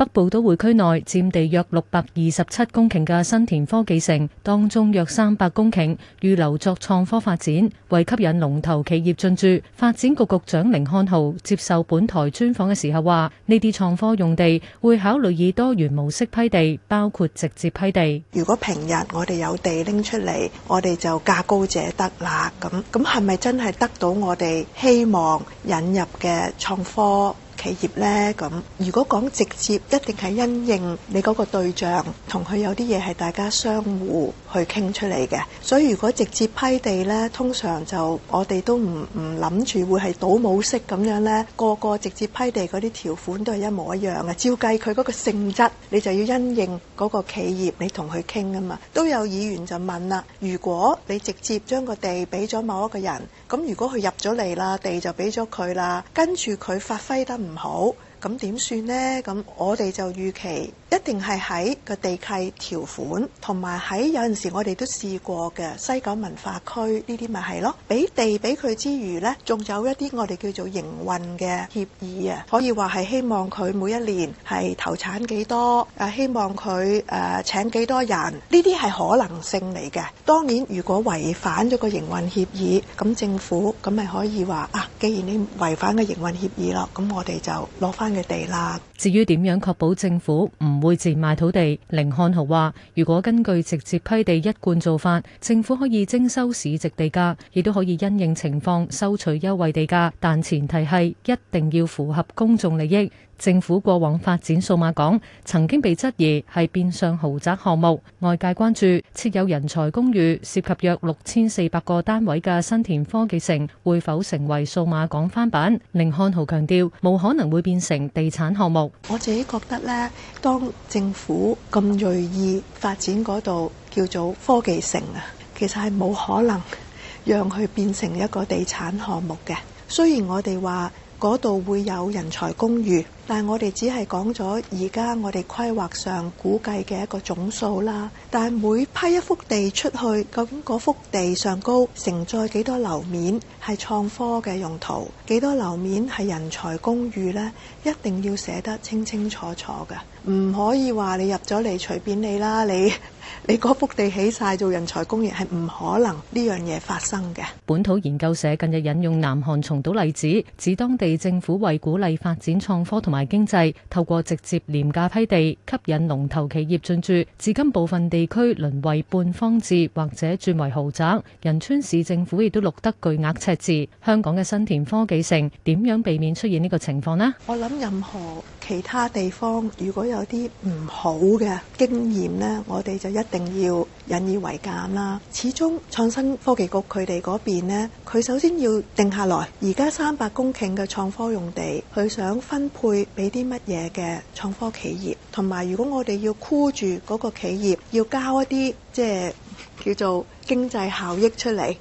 北部都會區內佔地約六百二十七公頃嘅新田科技城，當中約三百公頃預留作創科發展。為吸引龍頭企業進駐，發展局局長甯漢豪接受本台專訪嘅時候話：呢啲創科用地會考慮以多元模式批地，包括直接批地。如果平日我哋有地拎出嚟，我哋就價高者得啦。咁咁係咪真係得到我哋希望引入嘅創科？企業呢，咁，如果講直接，一定係因應你嗰個對象，同佢有啲嘢係大家相互去傾出嚟嘅。所以如果直接批地呢，通常就我哋都唔唔諗住會係倒模式咁樣呢，個個直接批地嗰啲條款都係一模一樣嘅。照計佢嗰個性質，你就要因應嗰個企業，你同佢傾啊嘛。都有議員就問啦，如果你直接將個地俾咗某一個人，咁如果佢入咗嚟啦，地就俾咗佢啦，跟住佢發揮得唔？唔好。咁點算呢？咁我哋就預期一定係喺個地契條款，同埋喺有陣時我哋都試過嘅西九文化區呢啲咪係咯？俾地俾佢之餘呢，仲有一啲我哋叫做營運嘅協議啊，可以話係希望佢每一年係投產幾多，啊希望佢誒請幾多人，呢啲係可能性嚟嘅。當然，如果違反咗個營運協議，咁政府咁咪可以話啊，既然你違反個營運協議咯，咁我哋就攞返。至於點樣確保政府唔會賤賣土地，甯漢豪話：如果根據直接批地一貫做法，政府可以徵收市值地價，亦都可以因應情況收取優惠地價，但前提係一定要符合公眾利益。政府過往發展數碼港，曾經被質疑係變相豪宅項目，外界關注設有人才公寓，涉及約六千四百個單位嘅新田科技城會否成為數碼港翻版？寧漢豪強調，冇可能會變成地產項目。我自己覺得咧，當政府咁銳意發展嗰度叫做科技城啊，其實係冇可能讓佢變成一個地產項目嘅。雖然我哋話嗰度會有人才公寓。但係我哋只係講咗而家我哋規劃上估計嘅一個總數啦。但係每批一幅地出去，究竟嗰幅地上高承載幾多樓面係創科嘅用途，幾多樓面係人才公寓咧？一定要寫得清清楚楚嘅，唔可以話，你入咗嚟隨便你啦，你你嗰幅地起晒做人才公寓係唔可能呢樣嘢發生嘅。本土研究社近日引用南韓松島例子，指當地政府為鼓勵發展創科同。同埋經濟，透過直接廉價批地吸引龍頭企業進駐，至今部分地區淪為半荒置或者轉為豪宅。仁川市政府亦都錄得巨額赤字。香港嘅新田科技城點樣避免出現呢個情況呢？我諗任何其他地方如果有啲唔好嘅經驗呢，我哋就一定要。引以為鑑啦，始終創新科技局佢哋嗰邊呢，佢首先要定下來，而家三百公頃嘅創科用地，佢想分配俾啲乜嘢嘅創科企業，同埋如果我哋要箍住嗰個企業要交一啲即係叫做經濟效益出嚟，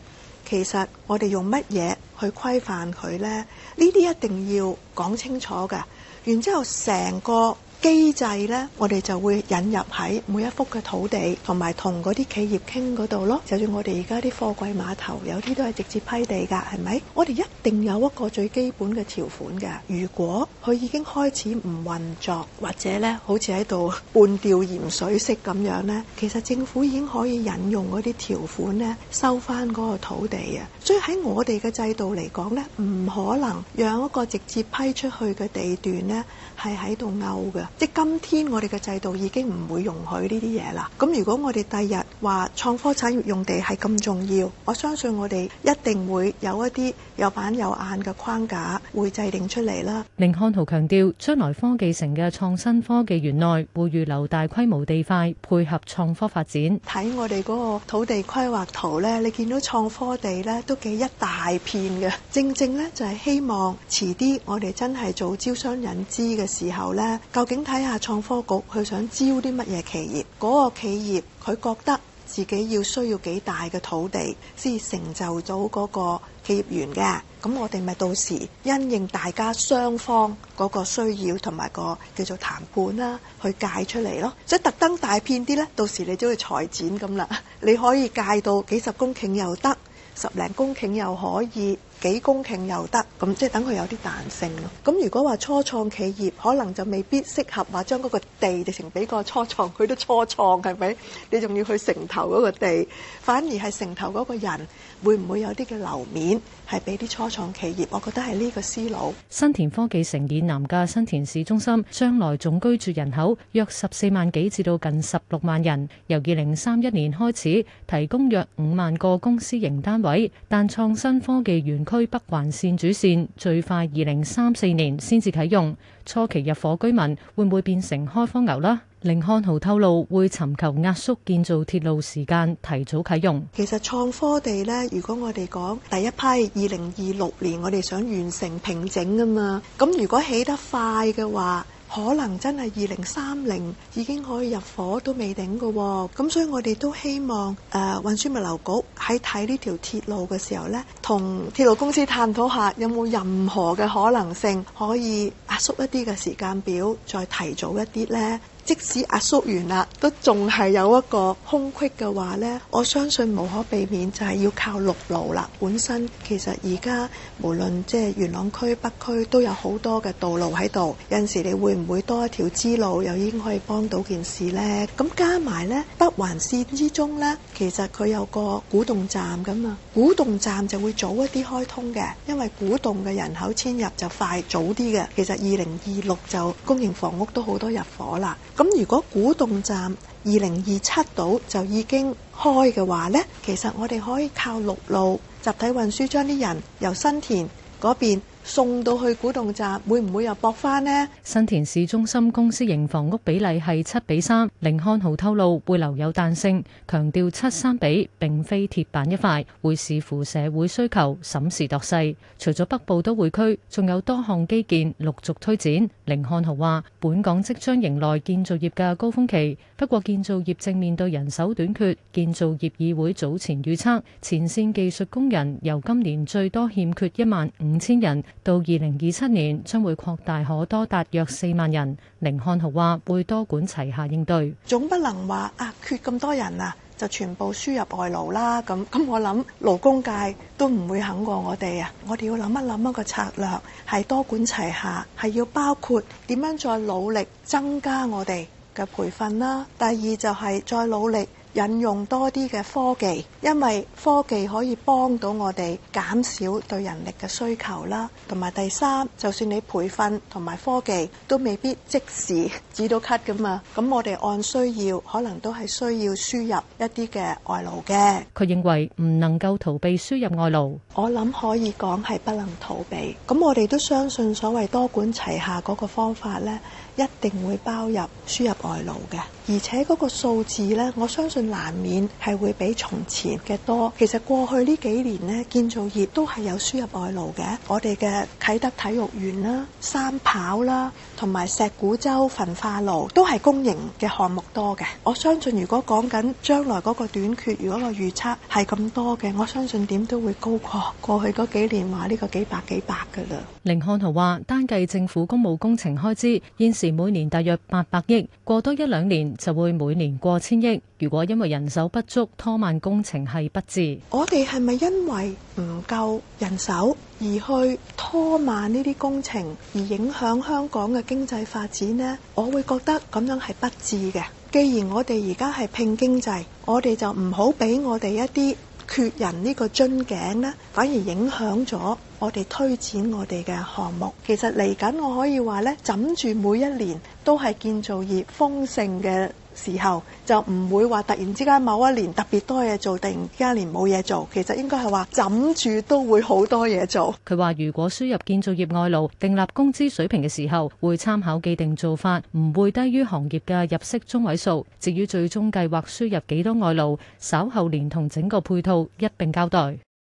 其實我哋用乜嘢去規範佢呢？呢啲一定要講清楚噶。然之後成個，機制咧，我哋就會引入喺每一幅嘅土地，同埋同嗰啲企業傾嗰度咯。就算我哋而家啲貨櫃碼頭有啲都係直接批地噶，係咪？我哋一定有一個最基本嘅條款嘅。如果佢已經開始唔運作，或者咧，好似喺度半吊鹽水式咁樣咧，其實政府已經可以引用嗰啲條款咧收翻嗰個土地啊。所以喺我哋嘅制度嚟講咧，唔可能讓一個直接批出去嘅地段咧，係喺度勾嘅。即係今天我哋嘅制度已經唔會容許呢啲嘢啦。咁如果我哋第日，話創科產業用地係咁重要，我相信我哋一定會有一啲有板有眼嘅框架會制定出嚟啦。甯漢豪強調，將來科技城嘅創新科技園內會預留大規模地塊，配合創科發展。睇我哋嗰個土地規劃圖呢，你見到創科地呢都幾一大片嘅，正正呢，就係希望遲啲我哋真係做招商引資嘅時候呢，究竟睇下創科局佢想招啲乜嘢企業，嗰個企業佢覺得。自己要需要幾大嘅土地先成就到嗰個企業園嘅，咁我哋咪到時因應大家雙方嗰個需要同埋個叫做談判啦，去界出嚟咯。所以特登大片啲咧，到時你都要裁剪咁啦，你可以戒到幾十公頃又得，十零公頃又可以。幾公頃又得，咁即係等佢有啲彈性咯。咁如果話初創企業，可能就未必適合話將嗰個地直情俾個初創，佢都初創，係咪？你仲要去城頭嗰個地，反而係城頭嗰個人，會唔會有啲嘅樓面係俾啲初創企業，我覺得係呢個思路。新田科技城以南嘅新田市中心，將來總居住人口約十四萬幾至到近十六萬人，由二零三一年開始提供約五萬個公司型單位，但創新科技園。區北環線主線最快二零三四年先至啟用，初期入伙居民會唔會變成開荒牛啦？甯漢豪透露會尋求壓縮建造鐵路時間，提早啟用。其實創科地呢，如果我哋講第一批二零二六年，我哋想完成平整啊嘛，咁如果起得快嘅話。可能真係二零三零已經可以入伙都未定嘅喎，咁所以我哋都希望誒、呃、運輸物流局喺睇呢條鐵路嘅時候呢，同鐵路公司探討下有冇任何嘅可能性可以壓、啊、縮一啲嘅時間表，再提早一啲呢。即使壓縮完啦，都仲係有一個空隙嘅話呢。我相信無可避免就係要靠陸路啦。本身其實而家無論即係元朗區北區都有好多嘅道路喺度，有陣時你會唔會多一條支路又已經可以幫到件事呢？咁加埋呢北環線之中呢，其實佢有個古洞站㗎嘛，古洞站就會早一啲開通嘅，因為古洞嘅人口遷入就快早啲嘅。其實二零二六就公營房屋都好多入伙啦。咁如果古洞站二零二七度就已經開嘅話呢，其實我哋可以靠陸路集體運輸，將啲人由新田嗰邊，送到去古洞站，會唔會又駁翻呢？新田市中心公司型房屋比例係七比三。甯漢豪透露會留有彈性，強調七三比並非鐵板一塊，會視乎社會需求審時度勢，除咗北部都會區仲有多項基建陸續推展。甯漢豪話本港即將迎來建造業嘅高峰期，不過建造業正面對人手短缺。建造業議會早前預測前線技術工人由今年最多欠缺一萬五千人。到二零二七年將會擴大，可多達約四萬人。甯漢豪話：會多管齊下應對，總不能話啊缺咁多人啊，就全部輸入外勞啦。咁咁我諗勞工界都唔會肯過我哋啊。我哋要諗一諗一個策略，係多管齊下，係要包括點樣再努力增加我哋嘅培訓啦。第二就係再努力。引用多啲嘅科技，因為科技可以幫到我哋減少對人力嘅需求啦。同埋第三，就算你培訓同埋科技，都未必即時止到咳噶嘛。咁我哋按需要，可能都係需要輸入一啲嘅外勞嘅。佢認為唔能夠逃避輸入外勞，我諗可以講，係不能逃避。咁我哋都相信所謂多管齊下嗰個方法咧，一定會包入輸入外勞嘅。而且嗰個數字咧，我相信難免係會比從前嘅多。其實過去呢幾年咧，建造業都係有輸入外勞嘅。我哋嘅啟德體育園啦、三跑啦，同埋石鼓洲焚化爐都係公營嘅項目多嘅。我相信如果講緊將來嗰個短缺，如果個預測係咁多嘅，我相信點都會高過過去嗰幾年話呢個幾百幾百嘅啦。甯漢豪話，單計政府公務工程開支，現時每年大約八百億，過多一兩年，就會每年過千億。如果因為人手不足拖慢工程係不智。我哋係咪因為唔夠人手而去拖慢呢啲工程而影響香港嘅經濟發展呢？我會覺得咁樣係不智嘅。既然我哋而家係拼經濟，我哋就唔好俾我哋一啲缺人呢個樽頸咧，反而影響咗我哋推展我哋嘅項目。其實嚟緊我可以話呢，枕住每一年都係建造業豐盛嘅。時候就唔會話突然之間某一年特別多嘢做，定一年冇嘢做。其實應該，係話枕住都會好多嘢做。佢話如果輸入建造業外勞訂立工資水平嘅時候，會參考既定做法，唔會低於行業嘅入息中位數，至於最終計劃輸入幾多外勞，稍後連同整個配套一併交代。